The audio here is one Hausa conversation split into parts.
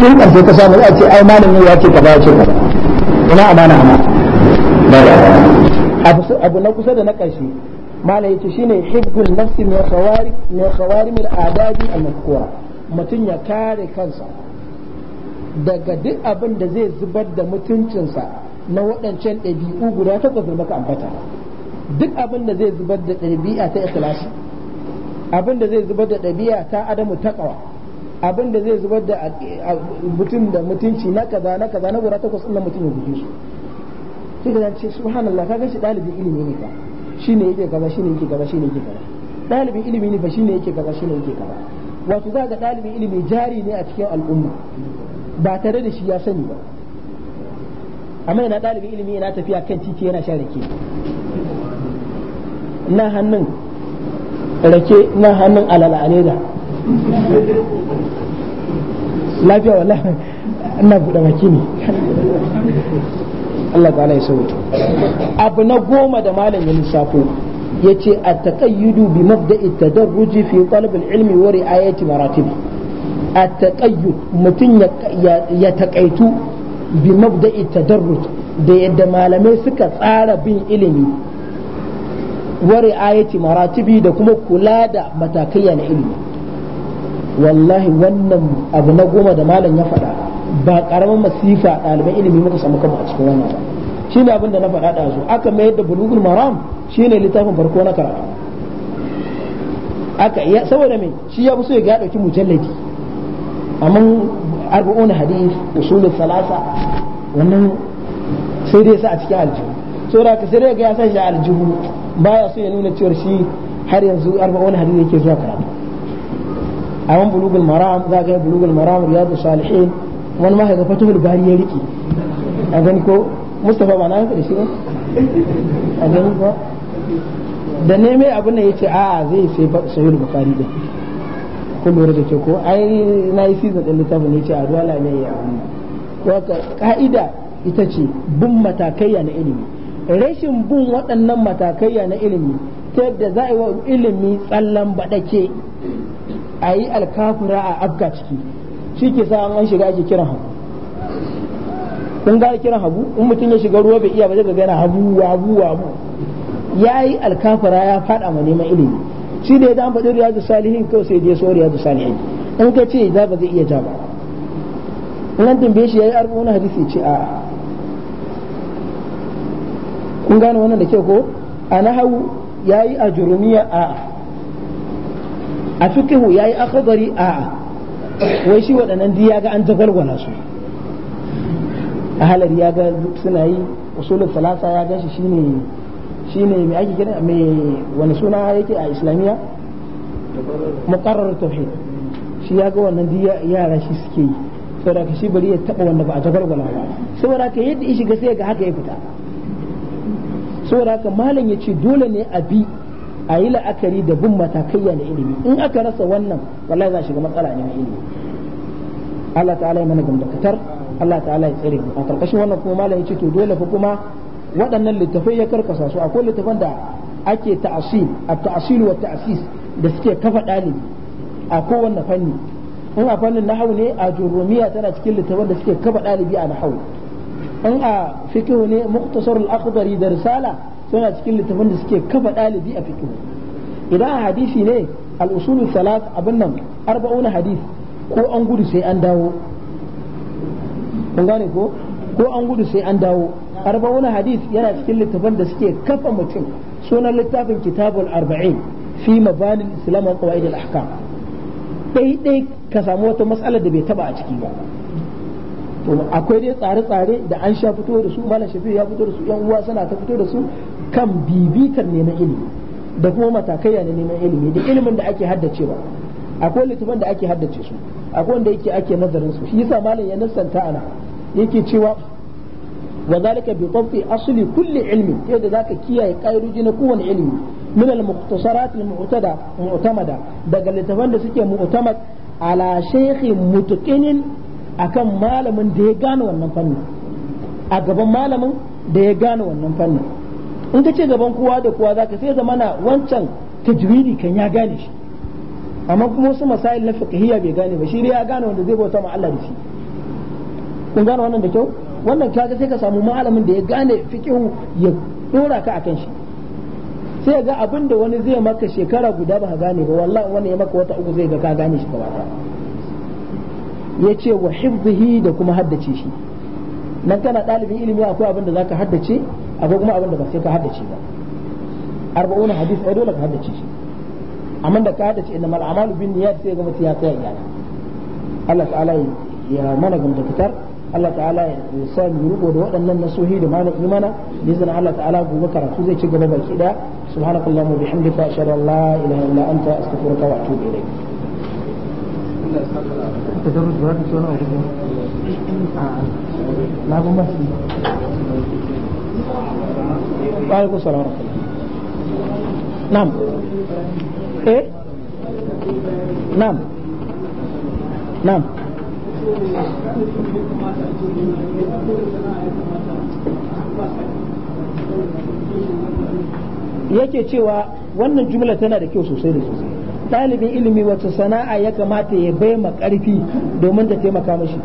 sun ƙarshe ka samu za a ce ai malamin ya ce kaza ya ce kaza ina amana amma abu na kusa da na ƙarshe mala ya shine shi ne hibbin khawari mai khawarim adabi a mazkura mutum ya kare kansa daga duk abin da zai zubar da mutuncinsa na waɗancan ɗabi'u guda ta da maka ambata duk abin da zai zubar da ɗabi'a ta ikhlasi abin da zai zubar da ɗabi'a ta adamu ƙawa. abin da zai zubar da mutum da mutunci na kaza na kaza na gura takwas ɗin mutum ya guje su sai ka zance subhanallah kaga shi dalibin ilimi ne fa shine yake kaza shine yake kaza shine yake kaza dalibin ilimi ne fa shine yake kaza shine yake kaza wato za ga dalibin ilimi jari ne a cikin al'umma ba tare da shi ya sani ba amma yana dalibin ilimi yana tafiya kan titi yana shan rake na hannun rake na hannun alala da. lafiya wallahi ina buɗe baki ne Allah ta'ala ya abu na goma da malam ya lissafo yace at-taqayyudu bi mabda'i tadarruji fi talab al-ilmi wa ri'ayati maratib at-taqayyud mutun ya taƙaitu bi mabda'i tadarruj da yadda malamai suka tsara bin ilimi wa ri'ayati maratibi da kuma kula da matakai na ilimi wallahi wannan abu na goma da malam ya faɗa ba ƙaramin masifa ɗaliban ilimi muka samu kanmu a cikin wannan shi ne abin da na faɗa ɗazu aka mayar da bulugul maram shi ne littafin farko na karatu aka ya saboda me shi ya fi so ya ga ɗauki mujalladi amma arba'un hadith usul salasa wannan sai dai sa a cikin aljihu saboda ka sai dai ga ya sa shi aljihu baya so ya nuna cewa shi har yanzu arba'un hadith yake zuwa karatu a wani bulugul maram za ga bulugul maram riyadu salihin wani ma ga fatuhul bari ya riki a gani ko mustafa ba na yanka da shi ba a gani ko da ne mai abin nan yace a zai sai sahihul bukhari da ko lura da ke ko ai na yi season din littafin ne yace a ruwa la ne ya ka ka'ida ita ce bin matakaiya na ilimi rashin bin waɗannan matakaiya na ilimi ta yadda za a yi wa ilimi tsallan baɗake a yi alkafura a afga ciki shi ke sa an shiga ake kiran hagu kun gane kiran hagu in mutum ya shiga ruwa bai iya ba zai ga yana hagu wabu wabu ya yi alkafura ya fada ma neman ilimi shi da ya dan faɗi riyadu salihin kawai sai je so riyadu salihin in ka ce za ba zai iya ja ba in an tambaye shi ya yi arba wani hadisi ce a kun gane wannan da ke ko a na Hau ya yi a jurumiya a a fikihu ya yi akhadari a wai shi waɗannan di ya ga an jagwalgwala su halar ya ga suna yi usulul salasa ya gashi shi shine shine mai ake kira mai wani suna yake a islamiyya muqarrar tauhid shi ya ga wannan di yara shi suke yi saboda ka shi bari ya taba wanda ba a jagwalgwala ba saboda ka yadda ishi shiga sai ga haka ya fita saboda ka malam ya ce dole ne a bi a yi la'akari da bin matakaiya na ilimi in aka rasa wannan wallahi za a shiga matsala ne na ilimi Allah ta'ala ya mana gamdakatar Allah ta'ala ya tsare a karkashin wannan kuma malam ya ce to dole fa kuma waɗannan littafai ya karkasa su akwai littafan da ake ta'asil a ta'asil wa ta'asis da suke kafa ɗalibi a kowanne fanni in a fannin nahawu ne a jurumiya tana cikin littafan da suke kafa ɗalibi a nahawu in a fikihu ne muktasar akhdari da risala suna cikin littafin da suke kafa ɗalibi a fiqh idan a hadisi ne al-usul salat abin nan arba'una hadis ko an gudu sai an dawo kun gane ko ko an gudu sai an dawo arba'una hadis yana cikin littafin da suke kafa mutum sunan littafin kitabul arba'in fi mabanin islam wa qawaid al-ahkam dai dai ka samu wata mas'alar da bai taba a ciki ba to akwai dai tsare-tsare da an sha fito da su malam shafi ya fito da su yan uwa suna ta fito da su kan bibitar neman ilimi da kuma matakai na neman ilimi da ilimin da ake haddacewa akwai littafan da ake haddace su akwai wanda yake ake nazarin su shi yasa malam ya nassanta ana yake cewa wa zalika bi qabti asli kulli ilmi yadda zaka kiyaye kairuji na kowane ilimi min al mukhtasarat al mu'tada mu'tamada daga littafan da suke mu'tamad ala shaykhi mutaqinin akan malamin da ya gane wannan fannin a gaban malamin da ya gane wannan fannin in ka ce gaban kowa da kowa zaka sai zamana wancan tajwidi kan ya gane shi amma kuma wasu masail na fiqhiyya bai gane ba shi ya gane wanda zai bauta ma Allah da shi kun gane wannan da kyau wannan kaga sai ka samu malamin da ya gane fiqhu ya dora ka akan shi sai ga abin wani zai maka shekara guda ba gane ba wallahi wani ya maka wata uku zai ga ka gane shi gaba ya ce wa hifzihi da kuma haddace shi nan kana ɗalibin ilimi akwai abin da zaka haddace akwai kuma abin da ba sai ka haddace ba arba'un hadis ai dole ka haddace shi amma da ka haddace innamal a'malu bin niyyat sai ga mutum ya tsaya iyana Allah ta'ala ya mana gamdakatar Allah ta'ala ya sa mu rubo da waɗannan nasohi da mana imana bizan Allah ta'ala gobe karatu zai ci gaba baki daya subhanakallah wa bihamdika ashhadu an la ilaha illa anta astaghfiruka wa atubu ilayk تدرس براتي شو انا اقول لك؟ وعليكم السلام ورحمة الله نعم إيه نعم نعم yake cewa wannan jumla tana da kyau sosai da sosai ɗalibin ilimi wata sana'a ya kamata ya bai ma ƙarfi domin ta taimaka mashi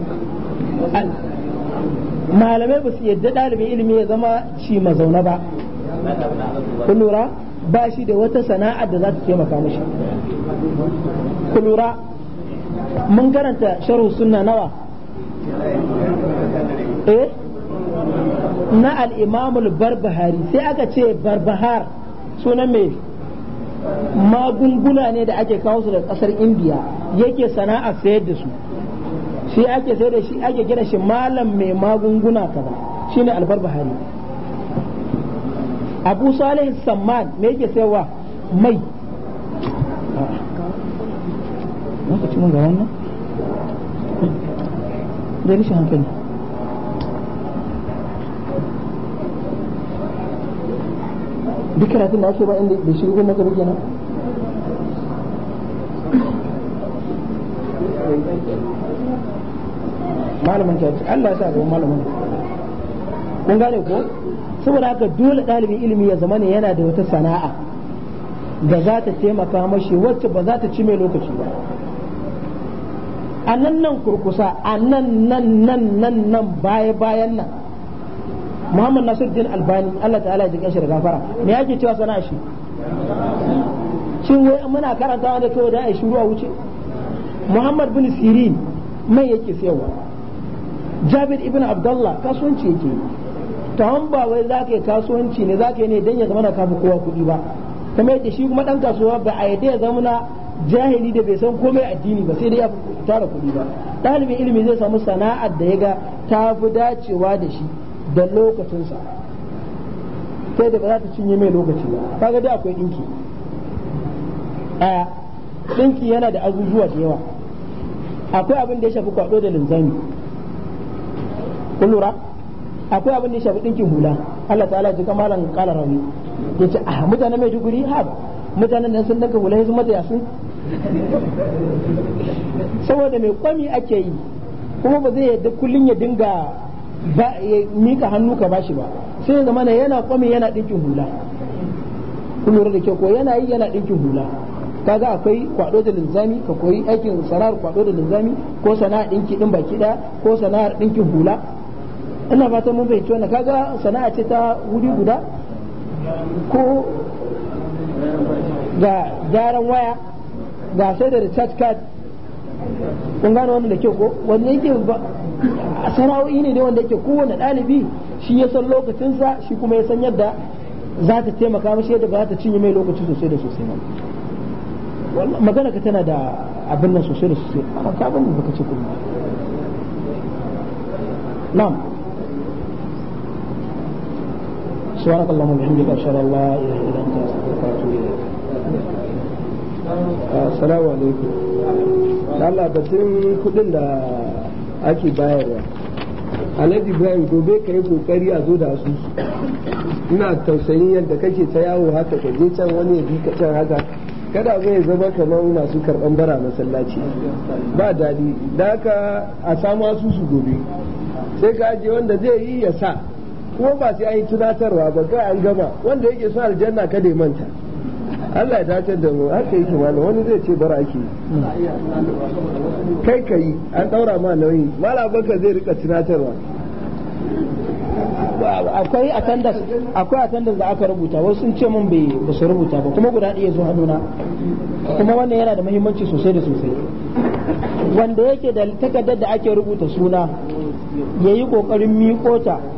malamai ba su yadda ɗalibin ilimi ya zama ci mazauna ba kun ba shi da wata sana'a da za ta taimaka makamashi. kun mun karanta sharhu sunna nawa eh na al'imamul barbahari sai aka ce barbahar sunan mai magunguna ne da ake kawo su da kasar indiya yake sana'a sayar da su shi ake sai da shi ake kira shi malam mai magunguna kaza shine bahari abu salih samman mai yake sayarwa mai lokacin ah. ga wannan da rashin hankali duk karatun da ake ba inda da shi na ka kenan malamin jami'a Allah ya sa gaban malamin kun gane ko saboda haka dole ɗalibin ilimi ya zama ne yana da wata sana'a da za ta taimaka mashi wacce ba za ta ci mai lokaci ba a nan nan kurkusa a nan nan nan nan nan baya bayan nan muhammad nasiruddin albani allah ta'ala ya jikin shi da gafara me yake cewa sana'a shi shin wai muna karanta wanda kawai da a shiru a wuce muhammad bin sirin mai yake sayarwa jabir ibn abdullah kasuwanci yake ta ba wai za ka yi kasuwanci ne za ka yi ne don ya zama na kafa kowa kuɗi ba kamar yadda shi kuma ɗan kasuwa ba a yadda ya zama na jahili da bai san komai addini ba sai dai ya tara kuɗi ba ɗalibin ilimi zai samu sana'ar da ya ga ta fi dacewa da shi da lokacinsa sai da ba za ta cinye mai lokaci ba kaga dai akwai ɗinki a ɗinki yana da azuzuwa da yawa akwai abin da ya shafi kwaɗo da linzami kun lura akwai abin da ya shafi dinkin hula Allah ta'ala ji kamalan kala rawi ce ah mutane mai duguri ha mutanen nan sun danka hula sun mata yasu saboda mai kwami ake yi kuma ba zai yadda kullun ya dinga ba ya mika hannu ka bashi ba sai ya zama yana kwami yana dinkin hula kun lura da kyau ko yana yi yana dinkin hula kaga akwai kwado da linzami ka koyi aikin sana'ar kwado da linzami ko sana'ar dinki din baki daya ko sana'ar dinkin hula ina fatan mun fahimci wannan kaga sana'a ce ta wuri guda ko ga gyaran waya ga sai da recharge card kun gane wannan da kyau ko wanda yake sana'o'i ne dai wanda yake kowane ɗalibi shi ya san lokacinsa shi kuma ya san yadda za ta taimaka mashi yadda ba za ta cinye mai lokaci sosai da sosai ba magana ka tana da abin nan sosai da sosai amma ka bani baka ce kuma na'am سبحانك اللهم وبحمدك اشهد ان لا اله الا انت استغفرك واتوب اليك السلام عليكم Allah batun kudin da ake bayarwa Alhaji Ibrahim gobe ka yi kokari a zo da asusu ina tausayin yadda kake ta yawo haka ka je can wani ya bi ka can haka kada zai zama kamar masu karban bara masallaci ba daɗi da haka a samu asusu gobe sai ka ajiye wanda zai yi ya sa kuma ba sai an yi tunatarwa ba ga an gama wanda yake son aljanna kada ya manta Allah ya dace da mu haka yake malam wani zai ce bara ake kai kai an daura ma nauyi malam baka zai rika tunatarwa akwai attendance akwai attendance da aka rubuta wasu sun ce mun bai ba su rubuta ba kuma guda ɗaya zuwa hannuna kuma wannan yana da muhimmanci sosai da sosai wanda yake da takardar da ake rubuta suna yayi kokarin miƙota